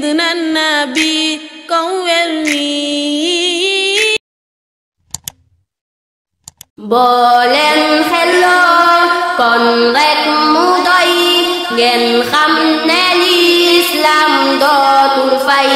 سيدنا النبي bi wi boo leen xeloo kon mu doy ngeen xam ne lislaam dootul fay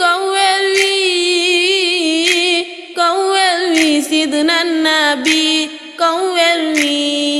kow weer wi kow weer wi sidna nabi kow weer